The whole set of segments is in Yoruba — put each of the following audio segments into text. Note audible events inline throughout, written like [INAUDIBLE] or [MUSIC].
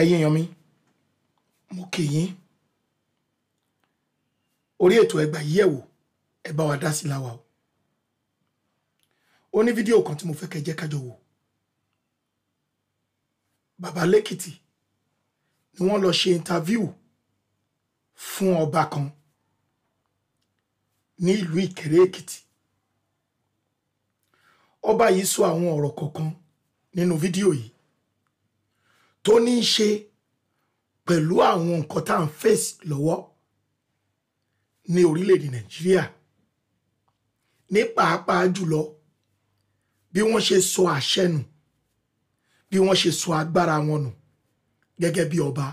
ẹ̀yin èèyàn mi mo kì yín orí ètò ẹgbà yí ẹ̀wò ẹ bá wa dá sí láwa o ó ní fídíò kan tí mo fẹ́ kẹ́ jẹ́ kájọ wò bàbá lẹ́kìtì ni wọ́n lọ ṣe interview fún ọba kan ní ìlú ìkẹrẹ èkìtì ọba yìí sọ àwọn ọ̀rọ̀ kọ̀ọ̀kan nínú fídíò yìí tó ní í ṣe pẹ̀lú àwọn nǹkan tá à ń fèsì lọ́wọ́ ní orílẹ̀-èdè nàìjíríà ní pàápàá jùlọ bí wọ́n ṣe sọ àṣẹ nù bí wọ́n ṣe sọ agbára wọn nù gẹ́gẹ́ bí ọba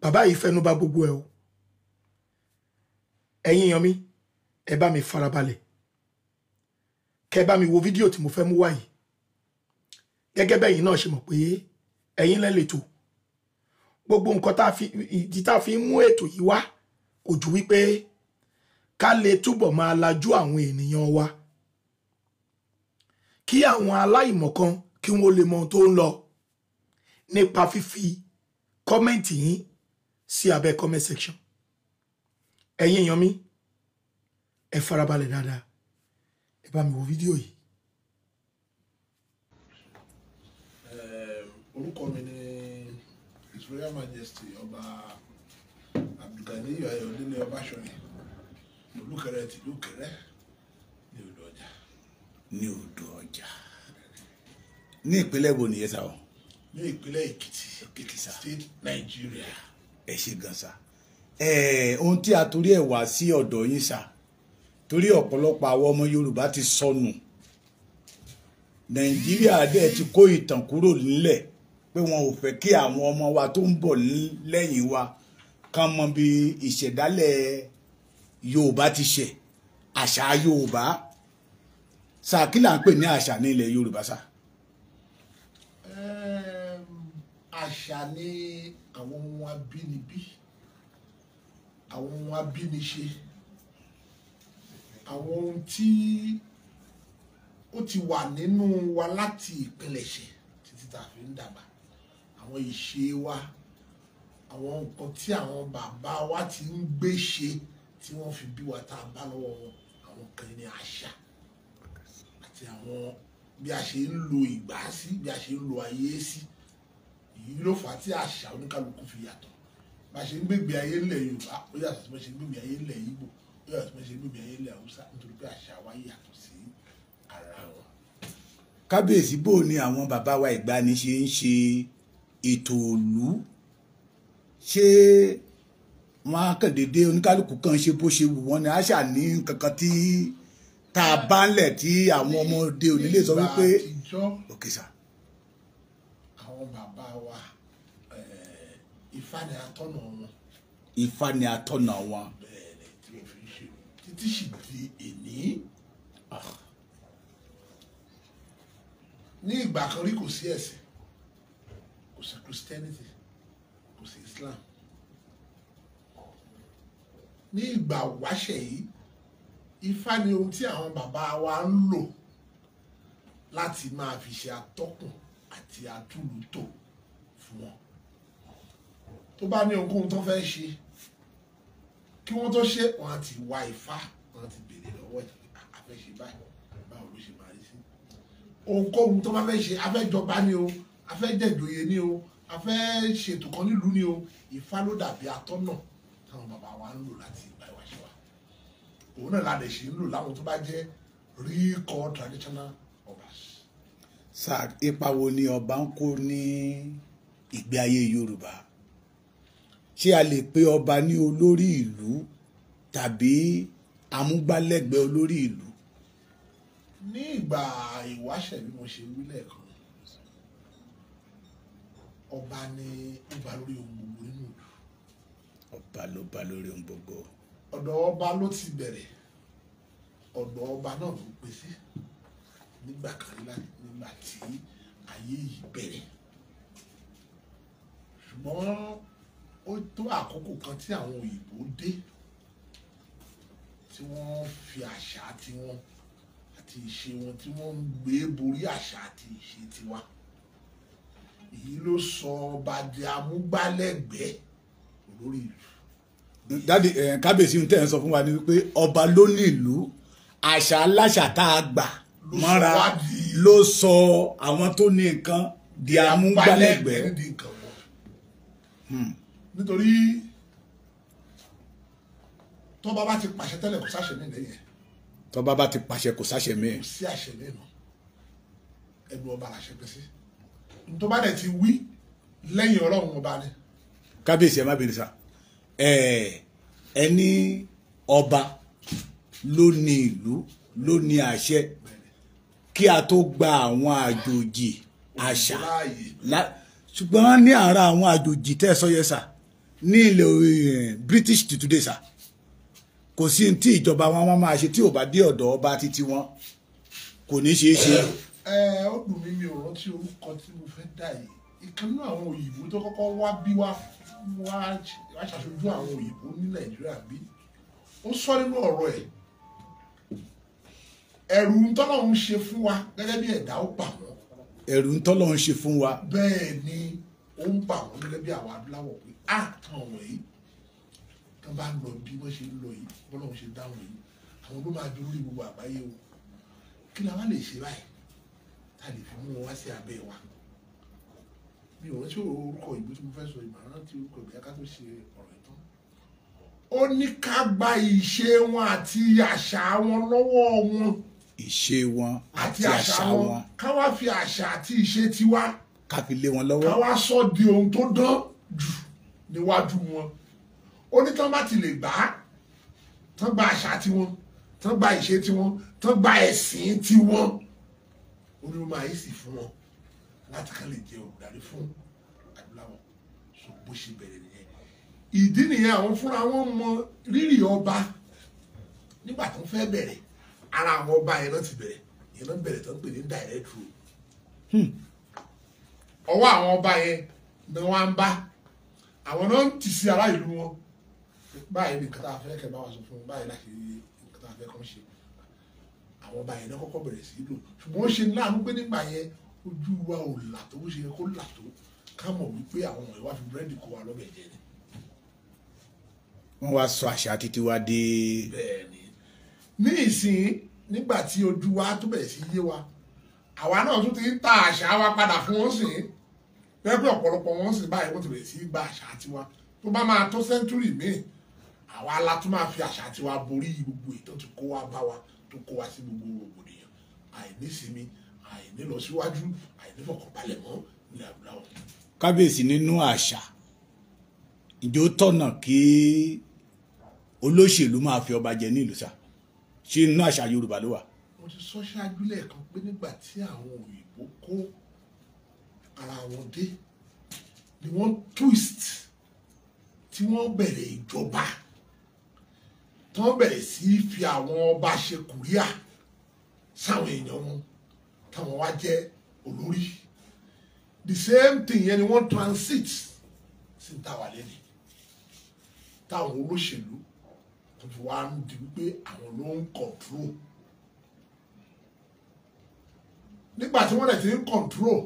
bàbá yìí fẹnubà gbogbo ẹ o ẹ̀yin èèyàn mi ẹ bá mi farabalẹ̀ kẹ́ bá mi wo fídíò tí mo fẹ́ mú wá yìí gẹ́gẹ́ bẹ́yìn náà ṣe mọ̀ pé ẹ̀yin lẹ́lẹ̀tò gbogbo nǹkan tá fi ìdí tá fi ń mú ètò yìí wá kò ju wípé ká lè túbọ̀ máa lajú àwọn ènìyàn wa kí àwọn aláìmọ̀kan kí wọ́n lè mọ tó ń lọ nípa fífi kọ́mẹ́ǹtì yín sí abẹ́ comment section ẹ̀yin èèyàn mi ẹ farabalẹ̀ dáadáa ẹ bá mi wo fídíò yìí. orúkọ mi ni His Royal Majesty ọba Abdulganiyu Ayọ̀délé Ọbásanjì olùkẹrẹ tìlú Ìkẹrẹ ní odò ọjà. ní odò ọjà ní ìpínlẹ̀ wo nìyẹn sá o. ní ìpínlẹ̀ Èkìtì Èkìtì state Nigeria. ẹ ṣe gan sa ohun tí a torí ẹ̀ wá sí ọ̀dọ̀ yín sá torí ọ̀pọ̀lọpọ̀ àwọn ọmọ Yorùbá ti sọnù Nàìjíríà dẹ̀ ti kó ìtàn kúrò nílẹ̀ pé wọn ò fẹ́ kí àwọn ọmọ wa tó ń bọ̀ lẹ́yìn wa kàn mọ bí ìṣẹ̀dálẹ̀ Yorùbá ti ṣe àṣà Yorùbá sáà ń pè ní àṣà ní ilẹ̀ Yorùbá sáà àṣà ni àwọn ohun abínibí àwọn ohun abíniṣe àwọn ohun tí ó ti wà nínú wa láti ìpilẹ̀ṣẹ̀ títí tá a fi ń dàgbà àwọn ìṣe wa àwọn nǹkan tí àwọn bàbá wa ti ń gbé ṣe tí wọ́n fi bí wa tá a bá lọ́wọ́ wọn àwọn kan ní àṣà àti àwọn bí a ṣe ń lo ìgbà sí bí a ṣe ń lo ayé sí èyí ló fà á tí àṣà oníkálukú fi yàtọ̀ bá a ṣe ń gbègbè ayé ńlẹ̀ Yorùbá ó yàtọ̀ sí bá a ṣe ń gbègbè ayé ńlẹ̀ Ìgbò ó yàtọ̀ sí bá a ṣe ń gbègbè ayé ńlẹ̀ Haúsá nítorí pé àṣà wa yàtọ̀ sí ara wọn. kábíyèsí bò ni àwọn bàbá wa ìgbani ṣe ń ṣe ètò òlú ṣé wọn á kàn dédé oníkálukú kan ṣe bó ṣe wù wọn ni a ṣà ní kankan tí tá a bá ń lẹ̀ tí àwọn ọmọdé òní lè sọ wípé òkè sà. àwọn bàbá wa Ifá eh, ni atọ́nà wọn. Ifá ni atọ́nà wọn. bẹ́ẹ̀ni tí mo fi ṣe títí sì di èní ah. ní ìgbà kan rí kò sí ẹ̀sìn sí christianity kò sí islam ní ìgbà wáṣẹ̀ yìí ifá ni ohun tí àwọn bàbá wa ń lò láti máa fi ṣe atọ́kùn àti atúlùtò fún wọn tó bá ní ohunkóhun tó fẹ́ ṣe kí wọ́n tó ṣe wọn àti wá ifá wọn ti béèrè lọ́wọ́ àfẹ́ṣe báyìí báwo ló ṣe máa rí sí ohunkóhun tó bá fẹ́ ṣe afẹ́jọba ni o a fẹ́ jẹ̀jòyè ni o a fẹ́ ṣètò kan nílùú ni o Ifá ló dàbí atọ́nà táwọn bàbá wa ń lò láti ìgbà ìwáṣẹ̀ wa òun náà ládẹ̀ ṣì ń lò láwọn tó bá jẹ́ real traditional obas. sir ipa wo ni ọba ń kó ní ìgbé ayé Yorùbá ṣé a lè pe ọba ní olórí ìlú tàbí amúgbálẹ́gbẹ̀ẹ́ olórí ìlú. ní ìgbà ìwáṣẹ̀ bí mo ṣe wí lẹ́ẹ̀kan ọba ni ọba lórí ohun gbogbo nínú ìlú. ọba ló ba lórí ohun gbogbo. ọ̀dọ̀ ọba ló ti bẹ̀rẹ̀ ọ̀dọ̀ ọba náà ló pè sí nígbà kan nígbà tí ayé yìí bẹ̀rẹ̀ ṣùgbọ́n ó tó àkókò kan tí àwọn òyìnbó dé tí wọ́n fi àṣà tiwọn àti ìṣe wọn tí wọ́n ń gbé borí àṣà àti ìṣe tiwa èyí ló sọ ọba di amúgbálẹ́gbẹ̀ẹ́ olórí ìlú. dáàdi kábíyèsí ń tẹ̀ ń sọ fún wa ni wípé ọba ló ní ìlú àṣà aláṣà tá a gbà mọ́ra ló sọ àwọn tó ní nǹkan di amúgbálẹ́gbẹ̀ẹ́. Hmm. nítorí tọ́ba bá ti pàṣẹ tẹ́lẹ̀ kò sáṣẹ mi lẹ́yìn. tọ́ba bá ti pàṣẹ kò sáṣẹ mi. kò sí àṣẹ lẹ́nu ẹnu ọba làṣẹ pẹ́ sí tó bá dẹ̀ ti wí lẹ́yìn ọlọ́run ọba ni. kábíyèsí ẹ má bèrè sá ẹ ní ọba ló ní ìlú ló ní àṣẹ kí a tó gba àwọn àjòjì àṣà ṣùgbọ́n ní ara àwọn àjòjì tẹ́ ẹ sọ yẹ ní ilẹ̀ eh, British ti today sà kò sí tí ìjọba wọn máa ṣe tí ò bá dé ọ̀dọ̀ ọba títí wọn kò ní ṣeé ṣe ẹ ó dùn mí mi ò rántí orúkọ tí mo fẹ́ dà yìí ìkànnì àwọn òyìnbó tó kọ́kọ́ wá bí wá wá ṣàṣojú àwọn òyìnbó ní nàìjíríà bí ó sọ nínú ọ̀rọ̀ ẹ̀ ẹ̀rù ń tọ́lọ́run ṣe fún wa gẹ́gẹ́ bí ẹ̀dá ó bà wọ́n. ẹ̀rù ń tọ́lọ́run ṣe fún wa. bẹ́ẹ̀ ni ó ń bà wọ́n gẹ́gẹ́ bí àwọn adúláwọ̀ pé á tàn wọ̀nyí tó bá lọ bí wọ́n ṣe ń lọ yìí bọ́lọ́run ṣe dáhùn yìí àwọn ló máa dúró ní gbogbo àgbáyé o kí ni a wá lè ṣe báyìí tá a lè fi mú wọn wá sí abẹ́ wa mi ò rántí orúkọ ìlú tí mo fẹ́ sọ ìmọ̀ rántí orúkọ ìbí aká tó ṣe ọ̀rọ̀ ìtàn ó ní ká gba ìṣe wọn àti àṣà wọn lọ́wọ́ wọn ìṣe wọn àti àṣà wọn ká wá fi àṣà àti ìṣe tiwa ká fi lé wọn lọ́wọ́ ká wá sọ di ohun tó dán jù níwájú wọn ó bá ti lè gbà á tán gba àṣà tiwọn tán gba ìṣe tiwọn tán gba ẹ̀sìn tiwọn olùmọ̀ àìsí fún wọn láti ká lè jẹ olùdarí fún adúláwọ̀ so bó ṣe bẹ̀rẹ̀ nìyẹn ìdí nìyẹn àwọn fúnra wọn mọ rírì ọba nígbà tó ń fẹ́ bẹ̀rẹ̀ ara àwọn ọba yẹn náà ti bẹ̀rẹ̀ yẹn náà bẹ̀rẹ̀ tó ń pè ní direct rule hmm. ọwọ́ àwọn ọba yẹn ni wọ́n ń bá àwọn náà ń tì sí ará ìlú wọn báyìí nìkan tá a fẹ́ kẹ́ bá wa sọ fún báyìí láti nìkan tá a fẹ́ kọ́ ṣe àwọn ọba yẹn náà kọ́kọ́ bẹ̀rẹ̀ sí í lò ṣùgbọ́n ó ṣe láàánú pé nígbà yẹn ojú wa ò là tó bó ṣe yẹ kó là tó ká mọ̀ wípé àwọn ọmọ ìwà fi búrẹ́dì kó wa lọ́bẹ̀ jẹ ni. wọ́n wá sọ àṣà títí wa dé. bẹ́ẹ̀ni ní ìsìn nígbà tí ojú wa tó bẹ̀rẹ̀ sí yé wa àwa náà tún ti ń ta àṣà wa padà fún wọn sìn pẹ́pẹ́ ọ̀pọ̀lọpọ̀ wọn sì báyìí wọ́n ti bẹ̀rẹ̀ sí gba àṣà tiwa tó bá máa tó sẹ́ńtúrì míì àwa la tún máa fi àṣà tiwa borí gbogbo ìtàn kó wa bá wa tó kó wa sí gbogbo rògbòdìyàn àìnísinmi àìnílọsíwájú àìnífọkànbalẹ̀ mọ́ ilẹ̀ adúláwọ̀. kábíyèsí nínú àṣà ìjọ tọ̀nà kí olóṣèlú máa fi ọba jẹ ní ìlú sá ṣé inú àṣà yorùbá ló wà. mo ti sọ ṣáájú lẹ́ẹ̀kan pé nígbà tí àwọn òyìnbó kó ara wọn dé ni wọ́n twist tí wọ́n bẹ̀rẹ̀ ìjọba. E tán bẹ̀rẹ̀ sí fi àwọn ọba ṣe kùríà sáwọn èèyàn wọn táwọn wá jẹ́ olórí the same thing yẹn ni wọ́n transit sí táwa lẹ́nu táwọn olóṣèlú tó fi wá ń di wípé àwọn ló ń control nígbà tí wọ́n lè ti ń control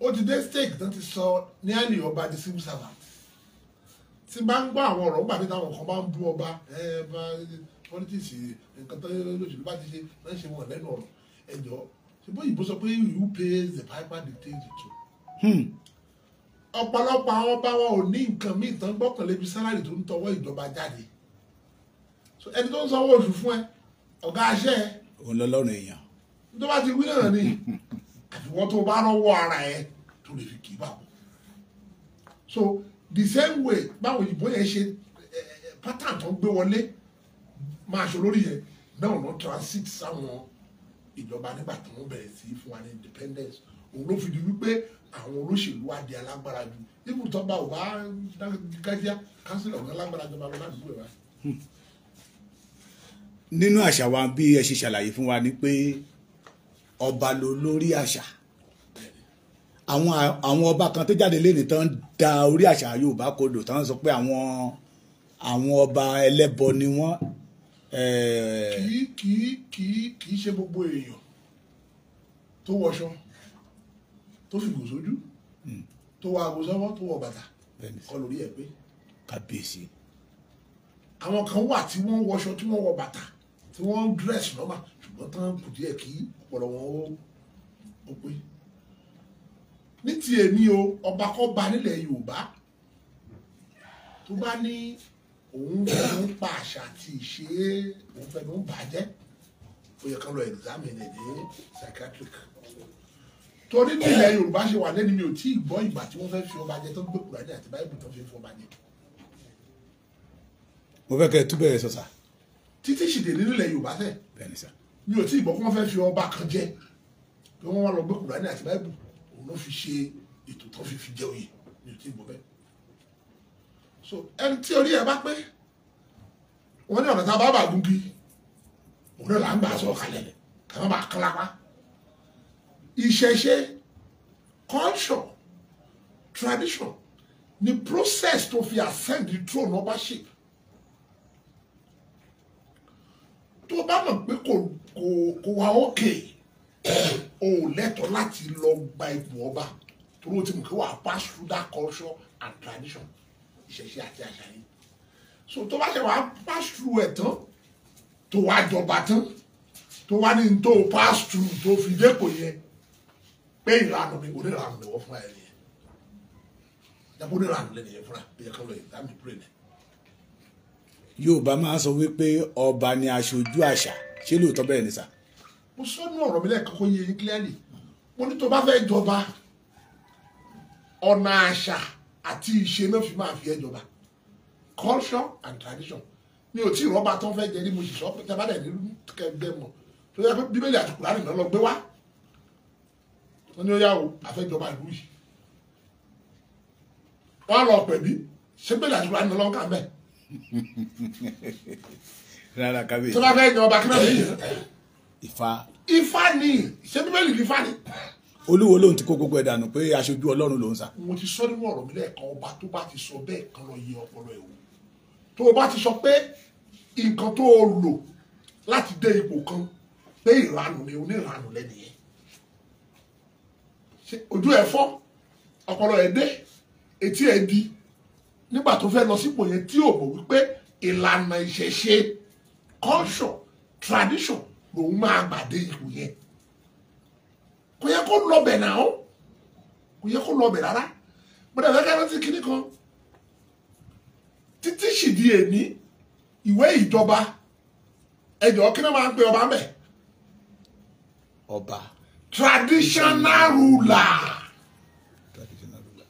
ó ti dé stake tó ti sọ ní àlè ọba di civil servant tí n bá ń gbọ́ àwọn ọ̀rọ̀ gbàgbé táwọn kan bá ń bú ọba ẹ̀ẹ́dá politics nǹkan tó lóṣèlú bá ti ṣe náà ṣe wọn lẹ́nu ọ̀rọ̀ ẹ̀jọ̀ ṣùgbọ́n ìbò sọ pé who pays the piper dictates the tune. Hmm. ọ̀pọ̀lọpọ̀ àwọn ọba wọn ò ní nǹkan míì tán gbọ́kànlé bí sálárì tó ń tọwọ́ ìjọba jáde ẹni tó ń sanwó oṣù fún ẹ ọ̀gá aṣẹ́ ẹ. òun èèyàn. tó bá ti wí náà ni [LAUGHS] àfiwọ́n tó bá rọ́wọ́ ara ẹ tó lè fi kì í bàbọ̀. so the same way báwo òyìnbó yẹn ṣe pattern tó ń gbé wọlé máa ṣe lórí yẹn náà lọ transit sáwọn ìjọba nígbà tí wọ́n bẹ̀rẹ̀ sí fún wa ní independence òun ló fi di wípé àwọn olóṣèlú wa di alágbára ju ibùdó tọ́ba ò bá dájá kánsílẹ̀ ọ̀gá alágbára jọba lọ láti gbé wa. nínú àṣà wa bí ẹ ṣe ṣàlàyé fún wa ni pé ọba ló lórí àṣà àwọn àwọn ọba kan tó jáde léni tán da orí àṣà Yorùbá kodò tán sọ pé àwọn àwọn ọba ẹlẹ́bọ ni wọ́n. Eh. kì í kì í kì í kì í ṣe gbogbo èèyàn tó wọṣọ tó fi gùn sójú hmm. tó wọ aago tó wọ bàtà kọ́ lórí ẹ̀ pé. kábíyèsí. àwọn kan wà tí wọ́n wọṣọ tí wọ́n wọ bàtà tí wọ́n ń lọ́mà ṣùgbọ́n tán kù kí ọpọlọ wọn ó pé ní ti èmi o ọba kọ́ ba nílẹ̀ Yorùbá tó bá ní òun fẹ́ẹ́ pa àṣà àti ìṣe òun fẹ́ẹ́ ló ń bàjẹ́ ó yẹ kán lọ examine ẹ̀ ní psychiatric torí ní ilẹ̀ Yorùbá ṣe wà lẹ́nu mi ò tí ì gbọ́ ìgbà tí wọ́n fẹ́ẹ́ fi ọba jẹ tó ń gbé Kùránì àti báyìí tó ń fi fọba jẹ. mo fẹ́ kẹ́ ẹ túbẹ̀ ẹ sọ sá. títí ṣìdè nínú ilẹ̀ Yorùbá sẹ́ẹ̀ mi ò tí ì gbọ́ kí wọ́n fẹ́ẹ́ fi ọba kan jẹ kí wọ́n wá lọ gbé Kùránì àti báyìí ló fi ṣe ètò tó fi fi jẹ oyè ní ti gbọ́ bẹ́ẹ̀ so ẹni tí orí ẹ bá pé wọ́n ní ọ̀nà tá a bá bà gúngi òun náà là ń gbà sọ kalẹ̀ kà má bà kán lápá ìṣẹ̀ṣe culture tradition ni process tó fi ascend the throne ọbaṣip tó bá mọ̀ pé kò kò wá okay o ò lẹ́tọ̀ọ́ láti lọ gba ipò ọba torí o ti mọ̀ pé wà pass through that culture and tradition ìṣẹ̀ṣe àti àṣà yìí so tó bá ṣe wà pass through ẹ̀ tán tó wá jọba tán tó wá ní tó pass through tó fi dépò yẹn pé ìlànà mi onílànà mi wọ́n fún ẹ nìyẹn dàbọ̀ onílànà lẹ́nu yẹn fúnra bí ẹ kọ́ lọ yìí dàbí pray ni. Yorùbá máa ń sọ wípé ọba ni aṣojú àṣà ṣé lóòótọ́ bẹ́ẹ̀ ni sà mo sọnù ọ̀rọ̀ mi lẹ́ẹ̀kan kó yé yín clearly mo ní tó bá fẹ́ jọba ọ̀nà àṣà àti ìṣe náà fi máa fi ẹ́ jọba culture and tradition mi ò tí ì rọ́bà tó ń fẹ́ jẹ ní mo sì sọ pé tẹ́bá dẹ̀ nílùú kẹ́gbẹ́ mọ̀ tó yẹ pé bíbélì àti kùránì náà lọ gbé wá wọ́n ní ó yá o àfẹ́jọba ìlú yìí wọ́n á lọ pẹ̀bí ṣé bíbélì àti kùránì náà lọ ń kà mẹ́. [LAUGHS] rárá kábíyèsí. tó bá fẹ́ yan ọba kí náà lè yẹ. Ifá. Ifá ni ṣé bíbélì ni Ifá ni. olúwo lòun ti kó gbogbo ẹ̀ dànù pé aṣojú ọlọ́run lòun sà. mo ti sọ nínú ọ̀rọ̀ mi lẹ́ẹ̀kan ọba tó bá ti sọ bẹ́ẹ̀ kan lọ yẹ ọpọlọ ẹ̀ wò tó o bá ti sọ pé nǹkan tó o lò láti dé ipò kan pé ìranù ni oníranù lẹ́nu yẹn ojú ẹ̀ fọ́ ọpọlọ ẹ̀ dé etí ẹ̀ di nígbà tó fẹ́ lọ sípò yẹn tí o mọ̀ wípé ìlànà ìṣẹ̀ṣe culture tradition lòun máa gbà dé ipò yẹn kò yẹ kó lọbẹ̀ náà kò yẹ kó lọbẹ̀ rárá gbọ́dọ̀ fẹ́ káràntì kínní kan títí ṣìdí èmi ìwé ìjọba ẹjọ́ kí ni máa ń pe ọba mẹ́. ọba. traditional ruler. traditional ruler.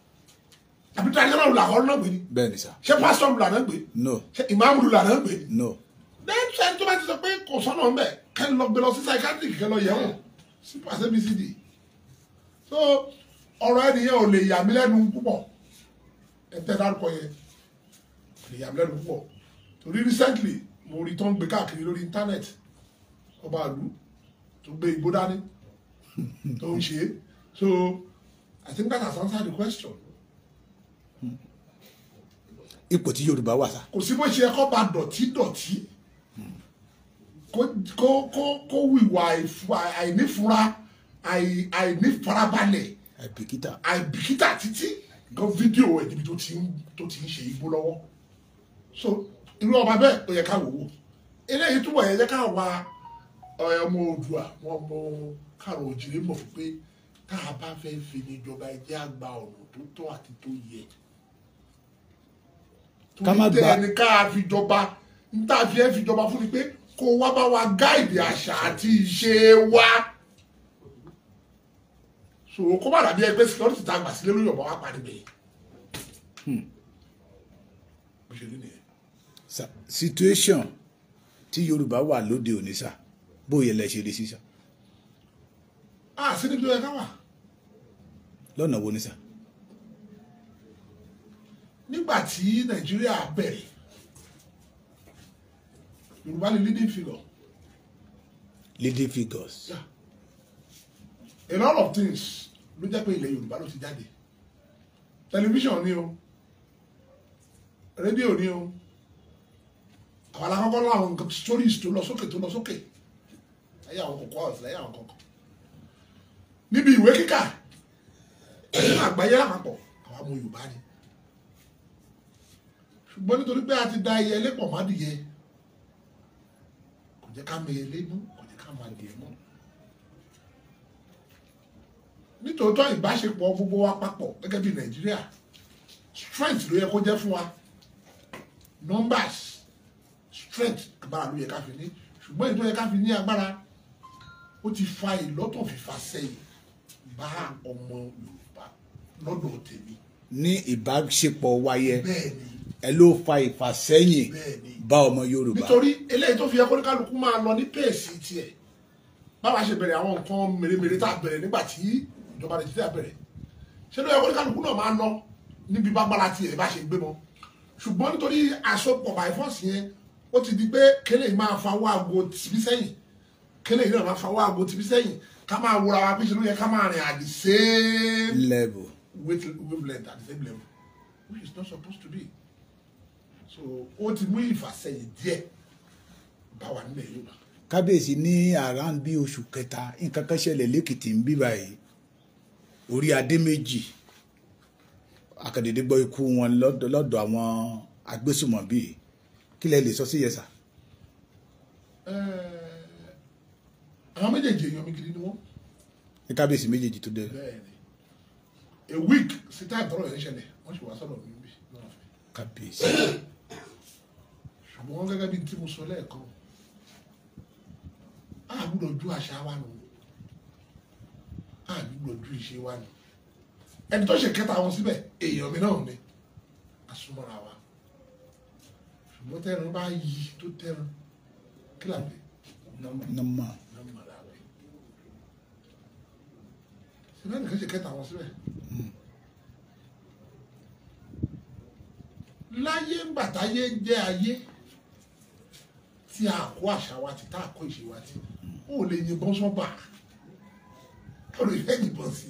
àbí traditional ruler kọ́ ló náà gbé ni. bẹ́ẹ̀ ni sá. ṣé pastor ruler náà gbé. no. ṣé imam ruler náà gbé. no then sẹ́ni tó bá ti sọ pé kò sọ́nà ń bẹ̀ kẹ́ lọ gbé lọ sí psychiatric kẹ́ lọ yẹ̀wò sí pàṣẹ́bísídì e so ọ̀rọ̀ ẹnìyẹn ò lè yà mí lẹ́nu púpọ̀ ẹ̀tẹ́ dárúkọ yẹn kò lè yà mí lẹ́nu púpọ̀ torí recently mo rí tó ń gbé káàkiri lórí íńtánẹ́ẹ̀tì ọba àlú tó gbé igbó dání tó ń ṣe so I think that has answered the question. ipò tí Yorùbá wà sá. kò sí bó ṣe ẹkọ bá dọ̀tí dọ̀tí kó kó kó wìwà àìnífura àìnífarabalẹ̀ àìbìkítà àìbìkítà títí gan fídíò ẹ̀ níbi tó ti ń tó ti ń ṣe igbó lọ́wọ́ so irú ọba bẹ́ẹ̀ ó yẹ ká wò ó eléyìí túbọ̀ yẹ jẹ́ ká wá ọmọ Oòduà wọn mọ káàrọ̀ òjìrè mọ̀ fún pé tá a bá fẹ́ fi ní ìjọba ẹ jẹ́ àgbà ọ̀nà tó tọ́ àti tó yẹ torí tẹ́ ẹni ká fi jọba ń tá a fi ẹ́ fi jọba fún ni pé kó wá bá wa gáìdì àṣà àti ìṣe wa so kó má dàbí ẹgbẹ́ security tá a gbà sílé lórí ọ̀bọ wa pariwo situation tí Yorùbá wà lóde òní sá bóyá lẹ ṣe rí sísá. a ah, sì níbi ẹ̀ka wà. lọ́nà wo ni sá. nígbà tí Nàìjíríà bẹ̀rẹ̀ Yorùbá ni leading figure. Leading figures. Yeah. A lot of things ló jẹ́ pé ilẹ̀ Yorùbá ló ti jáde. Tẹlifíṣàn ni o, rédíò ni o, àwọn alákọ̀ọ́kọ́ láwọn nǹkan stories tó lọ sókè tó lọ sókè láyé àwọn kọ̀ọ̀kọ́ ọ̀sẹ̀ láyé àwọn kọ̀ọ̀kọ́. Níbi ìwé kíkà, nínú àgbáyé lápapọ̀, àwọn ọmọ Yorùbá ni. Ṣùgbọ́n nítorí pé a ti da ẹyẹ lépọ̀ mádìyẹ jẹ́ ká mọ elébú kò jẹ́ ká mọ adìẹ mọ́ nítòótọ́ ìbáṣepọ̀ gbogbo wa papọ̀ gẹ́gẹ́ bí nàìjíríà strength ló yẹ kó jẹ́ fún wa numbers strength agbára ló yẹ ká fi ní ṣùgbọ́n èyí tó yẹ ká fi ní agbára ó ti fa ìlọ́tọ̀ fífa sẹ́yìn bá ọmọ yorùbá lọ́dọ̀ tèmi. ní ìbáṣepọ̀ wáyé. bẹ́ẹ̀ ni ẹ ló fa ìfàsẹ́yìn bá ọmọ Yorùbá. nítorí eléyìí tó fi yẹ kó ní kálukú máa lọ ní pèsè tiẹ̀ báwa ṣe bẹ̀rẹ̀ àwọn nǹkan mèremère tá a bẹ̀rẹ̀ nígbà tí ìjọba nàìjíríà bẹ̀rẹ̀ ṣé ló yẹ kó ní kálukú náà máa lọ níbi bágbára tiẹ̀ bá ṣe gbé mọ́ ṣùgbọ́n nítorí àsopọ̀ bàìfọ́ọ̀sì yẹn ó ti di pé kélé yìí máa fawọ́ àgbo tìbí sẹ́yìn kélé yìí náà máa fawọ́ àgbo tìbí sẹ́yìn ká máa wúra wa bí ṣe ló yẹ ká máa rìn at the same level wavelength at the same level which is not supposed to be so ó ti mú ìfàsẹ́yìn díẹ̀ bá wa nílẹ̀ Yorùbá. kábíyèsí ní around bíi oṣù kẹta nǹkan kan ṣẹlẹ̀ lẹ́kìtì ń bí báyìí orí adé méjì akadede ikú wọn lọ́dọ̀ àwọn agbésùmọ̀bí kí lẹ lè sọ sí yẹsà. àwọn méjèèjì èèyàn mi gidi ni wọn. ní kábíyèsí méjèèjì tó dé. bẹ́ẹ̀ni a week sita táà tọrọ yẹn ṣẹlẹ̀ wọn sì wá sọ́dọ̀ mi bí. kábíyèsí àmọ́ gẹ́gẹ́ bí tí mo sọ lẹ́ẹ̀kan a gbúdọ̀ ju àṣà wa nù a gbúdọ̀ ju ìṣe wa nù ẹni tó ṣe kẹta wọn síbẹ̀ èèyàn mi náà ni àsomọ́ra wa ṣùgbọ́n tẹ́run bá yí tó tẹ́run kí làbẹ́ nọ́mà nọ́mà làbẹ́ ṣùgbọ́n ẹnìkan ṣe kẹta wọn síbẹ̀. Hmm. láyé ń gbàtáyé jẹ́ ayé. Mm tí a kó àṣà wa ti tá a kó ìṣe wa ti ó lè yìnbọn sọ́bà ọ̀rọ̀ ìfẹ́ yìnbọn sí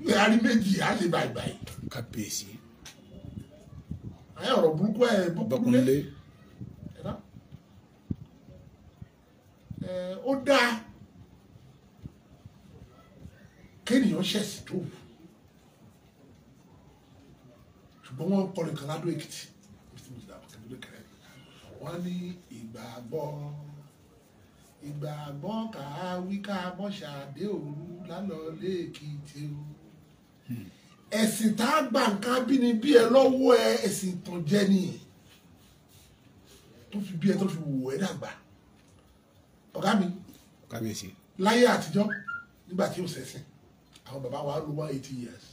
ilé arí méjì á lè bàìbàì. kábíyèsí. àyà ọ̀rọ̀ burúkú ẹ̀ bọ́kúnlé ó dáa kéèyàn ṣẹ̀sì tó ṣùgbọ́n wọ́n kọrin kan ládùn èkìtì wọ́n ní ìgbàgbọ́ ìgbàgbọ́ ká wí ká mọ́ṣáde òru lálọ́lé èkìtì o hmm. ẹ̀sìn tá a gbà nǹkan abínibí ẹ lọ́wọ́ ẹ ẹ̀sìn ìtànjẹ ni tó fi bí ẹ tó fi wò ẹ dàgbà ọ̀gá mi kábíyèsí láyé àtijọ́ nígbà tí ó ṣẹ̀sìn àwọn bàbá wa lò one eighty years.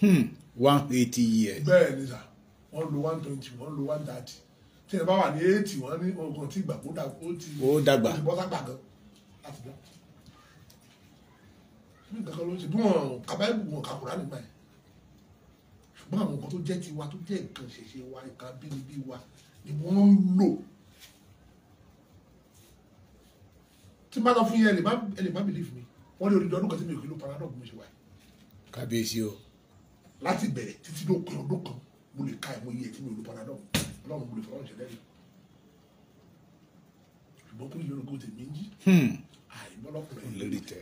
Hmm. one eighty years. bẹ́ẹ̀ ni sà wọ́n lò one twenty wọ́n lò one thirty tí ẹ bá wà ní eighty wọn ní oògùn tí ìgbà kó dàgbà ó ti ó dàgbà ó ti bọ́ sápà gan láti gbà bí nǹkan kan ló ń ṣe bí wọn kàbáyébù wọn kàkúrà nígbà yẹn ṣùgbọ́n àwọn nǹkan tó jẹ́ tiwa tó jẹ́ nǹkan ṣẹ̀ṣẹ̀ wa nǹkan bínibí wa ni wọ́n ń lò tí bá lọ fún yẹn ẹ lè má believe mi wọ́n lè rí ọdún kan tí mi ò kí ló panadol mi ṣe wáyé kábíyèsí o. láti bẹ̀rẹ̀ títí ló kan ọdún kan mo lè ka ìwé yẹn tí mi ò lò panadol ọlọ́run gbòòrò fọlọ́run ṣẹlẹ̀ rí ṣùgbọ́n kúrò hmm. lórí gòtè méjì àìmọ́lọ́kùnrin lórí tẹ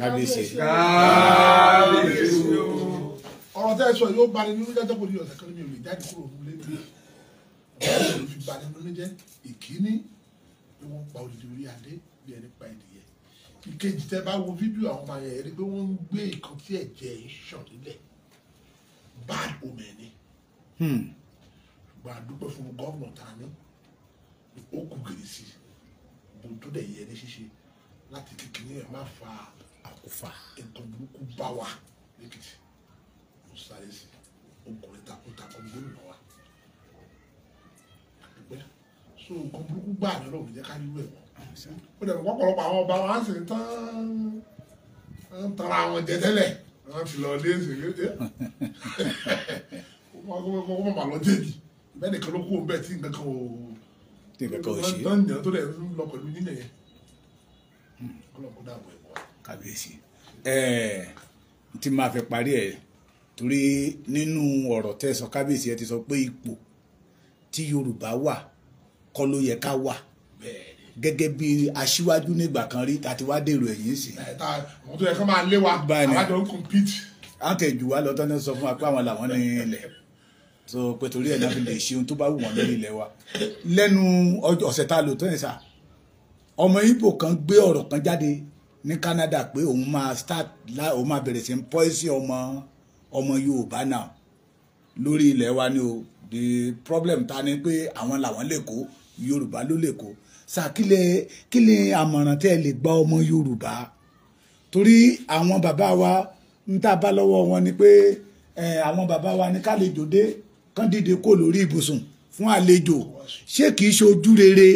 kábíyèsí kábíyèsí ọ̀rọ̀ tẹ́ ẹ sọ yóò bani nínú jẹ́ tẹ́kọ̀ọ́ ní ọ̀sẹ̀ kan mi ò lè jáde kúrò nílé mi bad omen ni. Hmm gbà dúpẹ́ fún gọ́ọ̀nà tani ó kù gèrè sí bó tó dẹ̀ yẹ ní ṣíṣe láti kékeré ẹ̀ má fa àkùfà nǹkan burúkú bá wa lẹ́kìtì mo sáré sí ọkùnrin takuntakun gómìnà wa àdúgbẹ́ so nǹkan burúkú gbà ní ọlọ́run jẹ́ ká rí rẹ̀ wọ́n ó dẹ̀ pọ̀pọ̀lọpọ̀ àwọn ọba wa sì ń tán ń tara àwọn jẹ tẹ́lẹ̀ wọ́n ti lọ lé ṣèlú ẹ̀ kọ́ mọ̀ lọ jẹ̀bi mẹ́rin kan ló kú òun bẹ́ẹ̀ tí nǹkan kan ò tí nǹkan kan ò ṣe tán ìyàn tó lẹ̀ ń lọ pẹ̀lú nílẹ̀ yẹn ọlọ́kùn dààmú ẹ̀ wá. kábíyèsí ẹ̀ẹ́ tí máa fi parí ẹ̀ torí nínú ọ̀rọ̀ tẹ́ sọ kábíyèsí ẹ ti sọ pé ipò tí Yorùbá wà kọ́ ló yẹ ká wà gẹ́gẹ́ bí aṣíwájú nígbà kan rí àti wá dèrò ẹ̀yìn sí. àwọn yẹ kó máa lé wa àwọn àjọ ń compete. àtẹ̀jù wa lọ́tọ́ ní sọ fún wa pé àwọn làwọn ní ilẹ̀ so pé torí ẹ̀ láti lè ṣe ohun tó bá wù wọ́n lórí ilẹ̀ wa lẹ́nu ọ̀sẹ̀ tá a lò ọmọ Ìgbò kan gbé ọ̀rọ̀ kan jáde ní Canada pé òun máa start la òun máa bẹ̀rẹ̀ sí pọ́ìsì ọmọ ọmọ Yorùbá náà lórí ilẹ̀ wa ni o the problem ta ni pé àwọn làwọn lè kó Yorùbá ló lè kó sà kí lè kí lè àmọ̀ràn tẹ́ ẹ gba ọmọ Yorùbá torí àwọn bàbá wa ń tá a bá wọn ni pé àwọn bàbá wa ni ká lè jòdè kán dìde kó lórí ibùsùn fún àlejò ṣé kìí ṣe ojú rere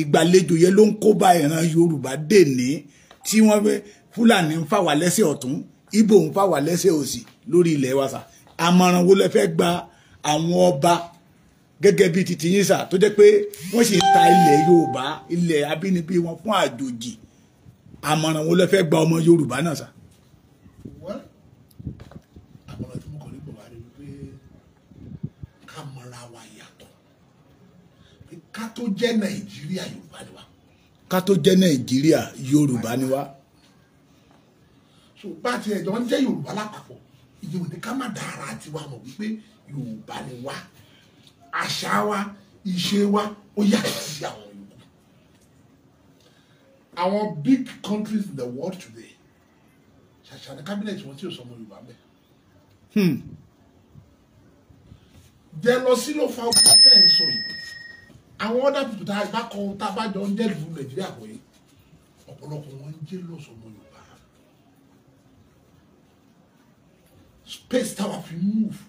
ìgbàlejò yẹn ló ń kó bá ìran Yorùbá dèní tí wọ́n fẹ́ Fúlàní ń fà wá lẹ́sẹ̀ ọ̀tún Ìgbò ń fà wá lẹ́sẹ̀ òsì lórí ilẹ̀ wa sà àmọ̀ràn wo lẹ fẹ́ gba àwọn ọba gẹ́gẹ́ bíi titi yín sà tó jẹ́ pé wọ́n sì ń ta ilẹ̀ Yorùbá ilẹ̀ abínibí wọn fún àjòjì àmọ̀ràn wo lẹ fẹ́ gba ọmọ Yorùbá náà sà. ká jẹ́ nàìjíríà yorùbá ni wá. ká jẹ́ nàìjíríà yorùbá ni wá. so bá a ti ẹ̀jọ̀ ń jẹ́ yorùbá lápapọ̀ ìyẹn ò ká má dára tiwa mọ̀ wípé yorùbá ni wá àṣà wa ìṣe wa ó yàtọ̀ sí àwọn yòókù. àwọn big countries in the world today ṣàṣà ní cabinet wọn tí ò sọ ọmọ yorùbá bẹ́ẹ̀ hmm. jẹ lọ sí ló fa ogun tẹ́ ń sọ yìí àwọn ọ̀dà pìtù tá a bá kọ tá a bá jọ ń jẹ́ ìlú nàìjíríà pé ọ̀pọ̀lọpọ̀ wọn ń jẹ́ lọ́sọ̀ ọmọ yorùbá space tower fi move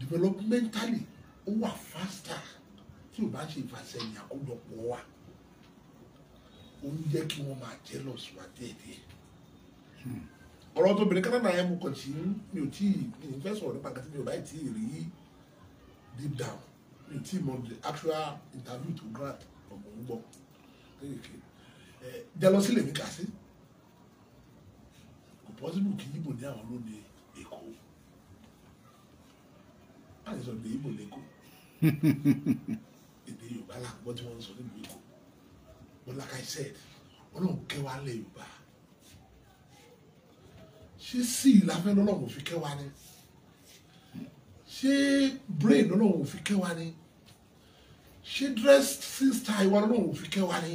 developmentally ó wà faster tí o bá ṣe ìfàsẹ́yìn àkójọpọ̀ wa ó ń jẹ́ kí wọ́n máa jẹ́ lọ́sọ̀ wa déédéé ọ̀rọ̀ tó bìnrin kátà náà ẹ̀ mú kàn sí mi ò tí ì mi ò fẹ́ sọ̀rọ̀ nípa kàtí mi ò bá ì tí ì rí deep down the team of the actual interview to grant ọmọọgbọ jẹlọsí lèmi kà sí kò pọ́sibù kí ibo ní àwọn ló ní èkó láti sọ èdè ibo lẹ́kọ́ èdè yorùbá làgbọ́ tí wọ́n ń sọ nílùú èkó but like I said ọlọ́run kẹwàá lẹ yorùbá ṣé sí ìlàfẹ́ lọ́lọ́run fi kẹwàá ni ṣé brain ọlọ́run ò fi kẹ́ wa ni ṣé dressing style wa ọlọ́run ò fi kẹ́ wa ni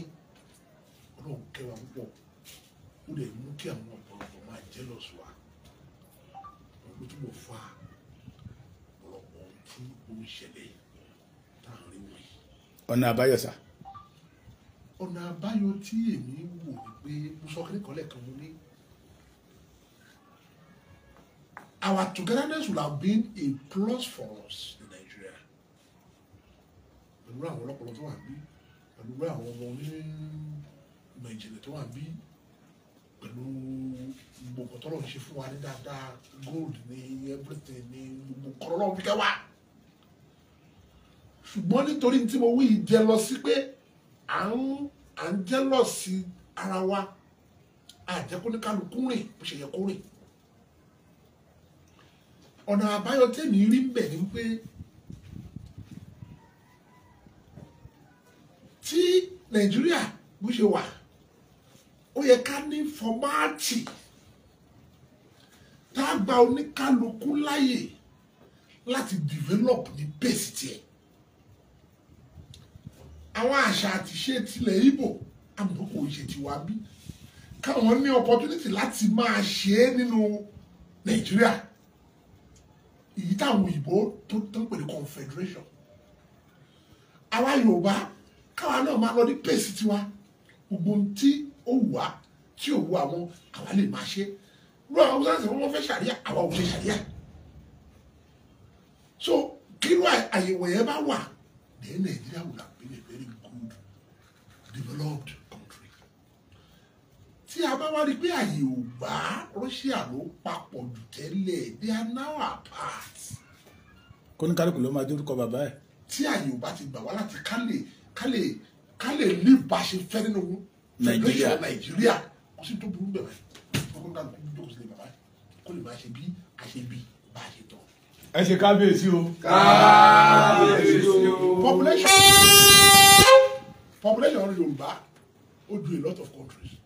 ọlọ́run kẹ́ wa púpọ̀ ó lè mú kí àwọn ọ̀pọ̀lọpọ̀ máa jealous wa ló túbọ̀ fa ọ̀pọ̀lọpọ̀ tí ó ń ṣẹlẹ̀ tá à ń rí wọ̀nyí. ọ̀nà àbáyọ sá. ọ̀nà àbáyọ tí èmi wò ni pé mo sọ kékeré kan lẹ́ẹ̀kan mo ní. our togetherness would have been a plus for us in Nigeria. Àdúrà àwọn ọlọ́pọ̀lọ́ tó wà bí àdúrà àwọn ọmọ ní ìmọ̀ ìjìnlẹ̀ tó wà bí pẹ̀lú gbogbo tọ́lọ̀ ń ṣe fún wa ní dáadáa gold ní everything ní gbogbo kọ́lọ́lọ́ fi kẹ́ wá. Ṣùgbọ́n nítorí tí mo wí ìjẹ lọ sí pé à ń jẹ́ lọ sí ara wa àjẹkóníkálukú rìn bó ṣe yẹ kó rìn ọ̀nà àbáyọ tèmi rí mbẹ̀ ni pé tí nàìjíríà bó ṣe wà ó yẹ ká ní fọmáàtì tá a gba oníkálukú láàyè láti develop ní bẹ́ẹ̀sì tiẹ̀ àwọn àṣà àtiṣe tilẹ̀ Ìgbò àmọ́ kò ti tiwa bí káwọn ní opportunity láti máa ṣe é nínú nàìjíríà. No èyí táwọn òyìnbó tó tán pè ní confederation àwa yorùbá káwa náà máa lọ ní pèsè tiwa gbogbo ohun tí ó wù wá tí ò wù àwọn àwa lè máa ṣe lọ àwọn haúsá sọ wọn fẹ́ ṣàríà àwa ò fẹ́ ṣàríà so kírú àyẹ̀wò yẹn bá wà ní nàìjíríà wò lápẹlẹ very good developed tí a bá wá rí pé àyè ò bá Russia ló papọ̀ jù tẹ́lẹ̀ they are now apart. kó ní kálukú ló máa dórúkọ bàbá ẹ̀. tí àyè ò bá ti gbà wá láti ká lè ká ní bá fẹ́ nínú nàìjíríà nàìjíríà kò sí tó burú bẹ̀rẹ̀ fọkàn kálukú jókòó sílẹ̀ bàbá kó lè máa ṣe bí a ṣe bí bá a ṣe tọ́. ẹ ṣe kábíyèsí o. kábíyèsí o. population population Yorùbá ó ju a lot of countries.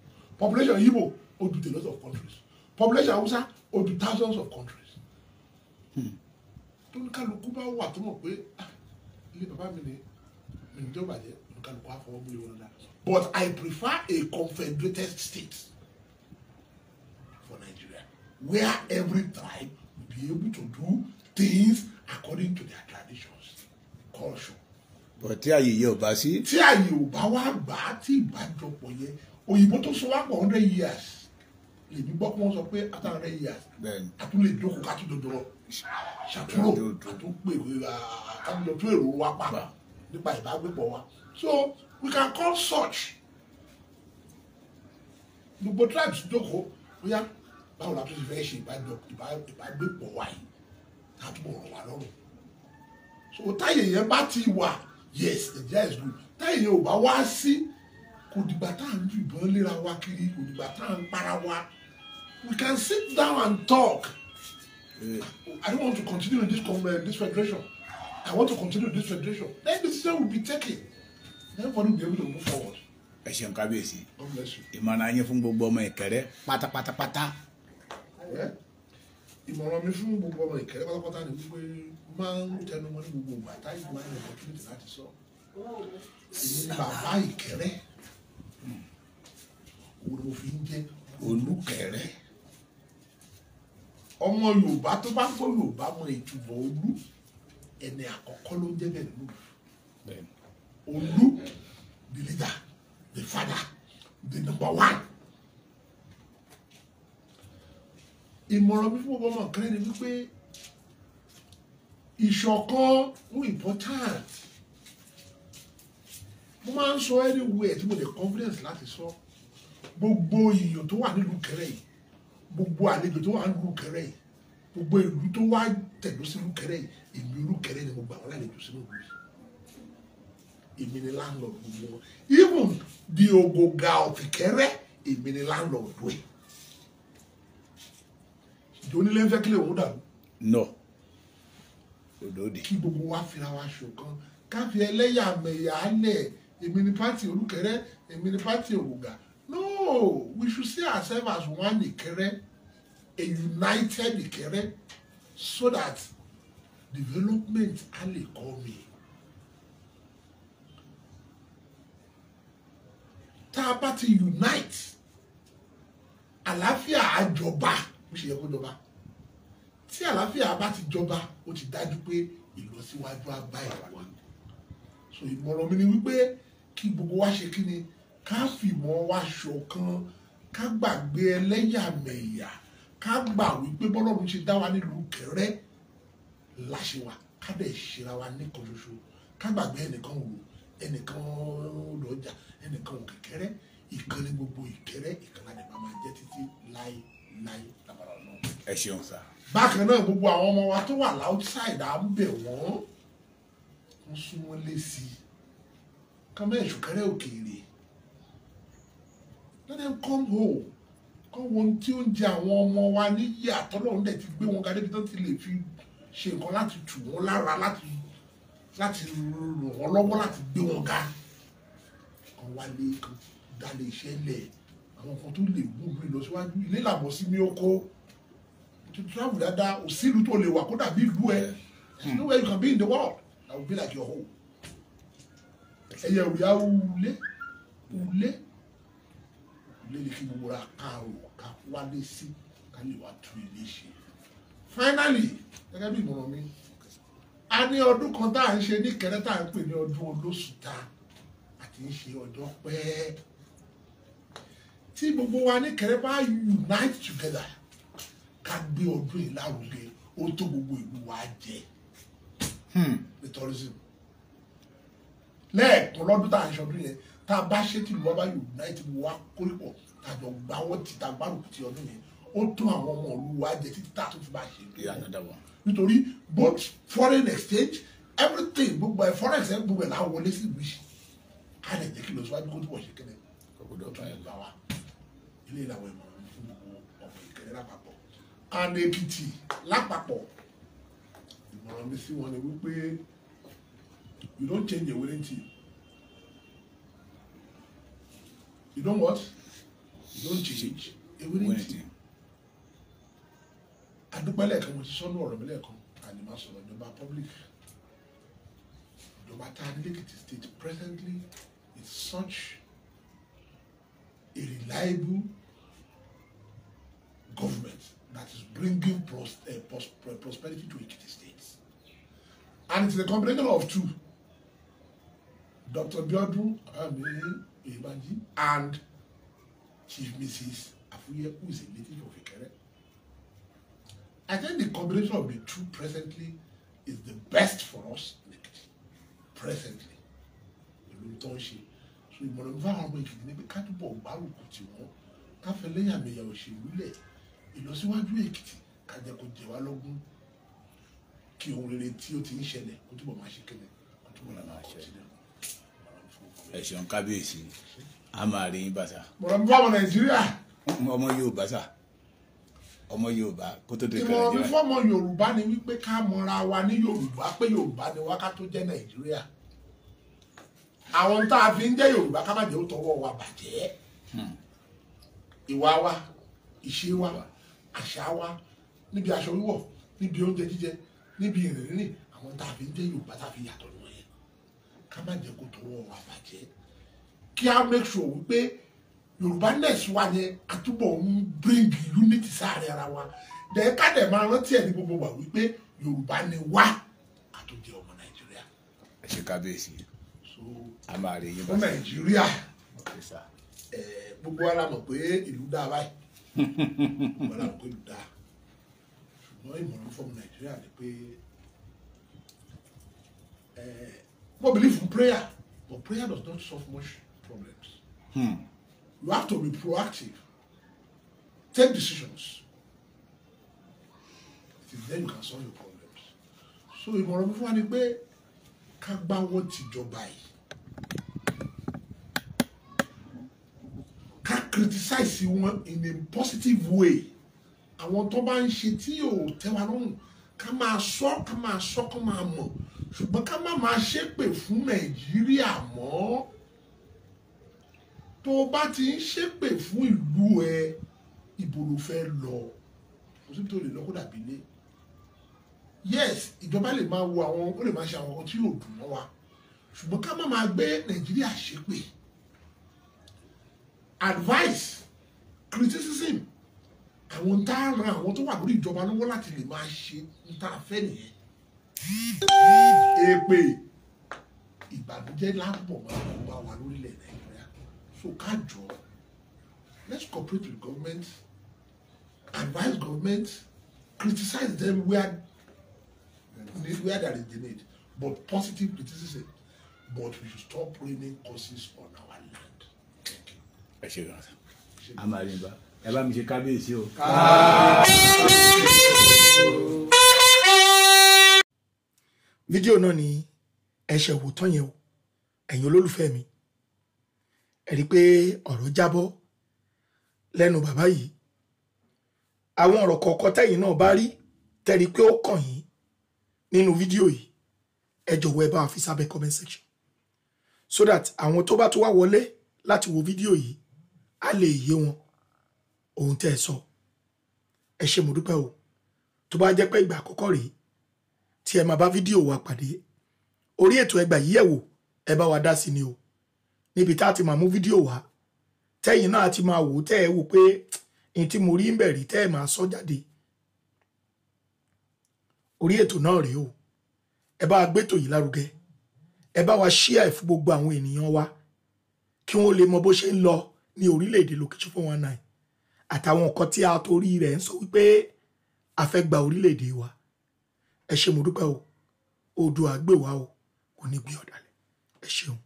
Population Igbo would do the lot of countries. Population Hausa would do thousands of countries. Hmm. Tó ní kálukú bá wà tó mọ̀ pé ah, ilé bàbá mi ni ìjọba jẹ́ kálukú àfọwọ́bùlé wọn dára. But I prefer a confederated state for Nigeria where every tribe will be able to do things according to their traditions, culture. But tí àyè yẹ ò bá sí. Tí àyè ò bá wá gbà á tí ìbájọpọ̀ yẹn òyìnbó tó sọ wá pọ̀ hundred years lèmi gbọ́ kí wọ́n sọ pé after hundred years àtúnlè dóko kátó dodoro ṣàtúrò àtúnpè àtúntò èrò wa pa nípa ìbágbépọ̀ wa so we can call such gbogbo tribes dóko bóyá báwo la tó ti fẹ́ ṣe ìbágbépọ̀ wa yìí àtúbọ̀ rọ̀ wá lọ́rùn so táyé yẹn bá ti wà yes the jazz group táyé yẹn ò bá wá sí. Si, kò tá à ń yìnbọn léra wa kiri kò tá à ń para wa we can sit down and talk yeah. I don't want to continue in this, uh, this federation I want to continue in this federation then the decision will be taken Then everybody will be able to move forward. ẹ ṣeun kábíyèsí ìmọ̀ràn ayé fún gbogbo ọmọ ìkẹrẹ pátápátápátá. Eh? ìmọ̀ràn mi fún gbogbo ọmọ ìkẹrẹ pátápátá ni wípé máa ń tẹnu mọ́ ní gbogbo ìgbà táyì máa ń yọ̀ opportunity láti sọ bàbá ìkẹrẹ olófin jẹ́ olùkẹrẹ ọmọ yorùbá tó bá gbọ́ yorùbá mọ ìtumọ̀ olú ẹni àkọ́kọ́ ló ń jẹ́ lù olú the leader the father the number one ìmọ̀ràn mi fún ọmọ kan ni wípé ìṣọ̀kan ń important mo máa ń sọ anywhere tí mo dé confidence láti sọ. So gbogbo iyọ̀ tó wà nílùú Ìkẹrẹ yìí gbogbo àlejò tó wà nílùú Ìkẹrẹ yìí gbogbo ìlú tó wá tẹ̀dó sí Ìkẹrẹ yìí èmi Ìkẹrẹ ni mo gbà wọ́n lálejò sínú ìlú yìí èmi ni landlord gbogbo wọn even the ogoga of Ìkẹrẹ èmi ni landlord wẹ̀ ìjọ onílé ń fẹ́ kílẹ̀ òun dàrú. no òdòdì. kí gbogbo wa fira wa ṣọ̀kan ká fi ẹlẹ́yàmẹ̀yà lẹ̀ èmi ni pátì Olúkẹrẹ èmi ni pátì ògùgà Oh, we should see ourselves as one Ikere, a united Ikere, so that development á lè kọ́ mi. Tá a bá ti unite, àlàáfíà á jọba, ó ṣe yẹ kó jọba. Tí àlàáfíà bá ti jọba, ó ti dájú pé ìlọsíwájú á bá ìwà So ìmọ̀ràn mi ni wípé kí gbogbo wa ṣe ká fìmọ̀ wa ṣọ̀kan ká gbàgbé ẹlẹ́yàmẹ̀yà ká gbà wípé bọ́lọ́run ṣe dá wa nílùú kẹrẹ́ láṣẹ wa ká dẹ̀ ṣera wa nìkan ṣoṣo ká gbàgbé ẹnìkan wò ẹnìkan lọ́jà ẹnìkan wò kékeré ìkànnì gbogbo ìkẹrẹ ìkànnì àdìbò máa jẹ títí láì láì lábàrà náà. ẹ ṣeun sá. bákan náà gbogbo àwọn ọmọ wa tó wà láùsáìdì à ń bẹ̀ wọ́n ń sún wọn lé sí i ká mẹ́ẹ̀ṣù òkèèrè let them come home kọ́ wo tí ó ń jẹ àwọn ọmọ wa níyì àtọ́lọ́run dẹ̀ ti gbé wọn ga débi tó ti lè fi ṣe nǹkan láti tù wọ́n lára láti láti ràn wọ́n lọ́wọ́ láti gbé wọn ga kan wálé kan dalẹ̀ iṣẹ́ lẹ̀ àwọn kan tó lè mú mi ilé làbọ̀ sí mi oko tuntun láwùjọ dáadáa ò sí ìlú tó lè wà kó dàbí ìlú ẹ nowhere you can be in the world that will be like your home ẹ̀yẹ òrìà ulé ulé lẹ́yìn kí gbogbo ra káàrò ká wálé sí ká lè wá tún ilé ṣe. finally gẹ́gẹ́ bí ìmọ̀ràn mi a ní ọdún kan tá à ń ṣe ní kẹrẹ tá à ń pè ní ọdún olóṣùtà àti ń ṣe ọjọ́ pẹ́ẹ́ tí gbogbo wa ní kẹrẹ bá unite together ká gbé ọdún yìí lárugẹ ó tó gbogbo ìlú wa jẹ hmm. ní tourism lẹ́ẹ̀kan lọ́dún tá à ń ṣọdún yẹn tá a bá ṣe tí ìlú wa bá unite gbogbo wa kórìpọ̀ tàjọ gbà ti ta gbárùkù ti ọdún yẹn ó tún àwọn ọmọ ìlú jẹ títí tá a tún fi máa ṣe nítorí both foreign exchange everything gbogbo ẹ foreign exchange gbogbo ẹ là ń wọlé sí ìlú yìí ká lè jẹ́ kí lọ síwájú kó túbọ̀ ṣe kẹ́lẹ́ gbọdọ̀ tún ẹ̀ gbà wá ilé ìlàwọ̀ ìmọ̀ràn fún gbogbo ọmọ ìkẹrẹ́ lápapọ̀ and Èkìtì lápapọ̀ ìmọ̀ràn mi sí wọn ni wípé you don't change your wedding team You don't what? You don't change. Ewu ní I do lẹ́ẹ̀kan mo ti sọ́nù ọ̀rọ̀ mi lẹ́ẹ̀kan àní máa sọ̀rọ̀ ìjọba public. Ìjọba tá a ní state presently is such a reliable government that is bringing pros uh, pros eh, prosperity to Ekiti state. And it's the combination of two. Dr. Biodun, I mean, Ibanji and Chief Mrs. Afuye, who is a native of Ikere. I think the combination of the two presently is the best for us Presently. Olùtọ́ So ìmọ̀ràn fún àwọn ọmọ Èkìtì ni pé ká túbọ̀ gbárùkù tì wọ́n ká fẹ́ lẹ́yàmẹ̀yà òṣèlú lẹ̀ ìlọsíwájú Èkìtì ká jẹ́ kó jẹ wá lógún kí ohun rere tí ó ti ń ṣẹlẹ̀ kó túbọ̀ máa ṣe kẹlẹ̀ kó túbọ̀ máa ṣẹlẹ̀ ẹ ṣeun kábíyèsí a máa rí yín bàtà. bọ̀dọ̀ bí ọmọ nàìjíríà. ọmọ yorùbá sà ọmọ yorùbá kó tó dé ìkànnì jẹ́ ìmọ̀ràn mi fọ́mọ yorùbá ni wípé ká mọra wa ní yorùbá pé yorùbá ni wá ká tó jẹ́ nàìjíríà àwọn tá a fi ń jẹ́ yorùbá ká má jẹ́ ó tọwọ́ wa bàjẹ́ hmm. ìwà wa ìṣe wa àṣà wa níbi aṣọ wíwọ̀ níbi oúnjẹ jíjẹ níbi ìrìn àwọn tá a fi ń jẹ́ yorùbá tá a fi yàtọ̀ ní ká má jẹ́ kó tọwọ́ wa bàjẹ́ kí á make sure wípé yorùbá next wa yẹn a túbọ̀ ń bring unity sáré ara wa dẹ̀ ká dẹ̀ máa rántí ẹ̀ ní gbogbo wa wípé yorùbá ni wá ká tó jẹ́ ọmọ nàìjíríà. ẹ ṣe kábíyèsí a máa rí yín bá sí. fún nàìjíríà gbogbo ara mọ̀ pé ìlú dáa báyìí gbogbo ara mọ̀ pé ìlú dáa ṣùgbọ́n ìmọ̀ràn fọ́ọ̀mù nàìjíríà ni pé. People believe in prayer, but prayer does not solve much problems. Hmm. You have to be proactive. Take decisions. It then you can solve your problems. So if mi fún wa ni pé ká gbá wọn tìjọba yìí. Ká criticize wọn in a positive way. I want to ń ṣe tí tell tẹ́ Kama máa sọ ká máa sọ ká máa mọ̀ ṣùgbọ́n ká má máa ṣépè fún nàìjíríà mọ́ tó o bá ti ń ṣépè fún ìlú ẹ ibo ló fẹ́ lọ kò síbi tó lè lọ dàbí ilé yes ìjọba lè máa wo àwọn ó lè máa ṣe àwọn ohun tí yóò dùn mọ́ wa ṣùgbọ́n ká máa gbé nàìjíríà ṣépè advice criticism àwọn tá a ran àwọn tó wà lórí ìjọba lọ́wọ́ láti lè máa ṣe ń fẹ́ nìyẹn. èpè ìbànújẹ́ lápò máa ń bá wa lórílẹ̀ nàìjíríà so ká jọ let's cooperate with government advise government criticize them where where they is the need but positive criticism but we should stop raining causes on our land. Thank you. Ẹ ṣe gan-an. Amarimba ẹ bá mi ṣe kábíyèsí o. fídíò náà ni ẹ ṣe wò tán yẹn o ẹ̀yin olólùfẹ́ mi ẹ rí i pé ọ̀rọ̀ jábọ́ lẹ́nu bàbá yìí àwọn ọ̀rọ̀ kọ̀ọ̀kan tẹ̀yin náà bá rí tẹ́ i pé ó kàn yín nínú fídíò yìí ẹ jọ̀wọ́ ẹ bá wa fi sábẹ́ comment section so that àwọn tó bá tún wá wọlé láti wo fídíò yìí á lè yé wọn ohun tẹ́ ẹ sọ ẹ ṣe mo dúpẹ́ o tó bá jẹ́ pé ìgbà àkọ́kọ́ rèé tí ẹ máa bá fídíò wa pàdé orí ètò ẹgbà yìí yẹ̀wò ẹ bá wa dá sí ni o níbi tá a ti máa mú fídíò wa tẹ́yìn náà ti máa wò tẹ́ ẹ wò pé n tí mo rí ń bẹ̀rí tẹ́ ẹ máa sọ jáde orí ètò náà rèé o ẹ bá wa gbétò yìí lárugẹ ẹ bá wa ṣíà ẹ gbogbo àwọn ènìyàn wa kí wọ́n lè mọ bó ṣe ń lọ ní orílẹ̀-èdè location four one nine àtàwọn nǹkan tí a torí rẹ̀ ń sọ wípé a fẹ́ gba orílẹ̀-èdè wa ẹ ṣé mo dúpẹ́ o oòdùà gbè o kò ní gbé ọ̀dàlẹ̀ ẹ ṣeun.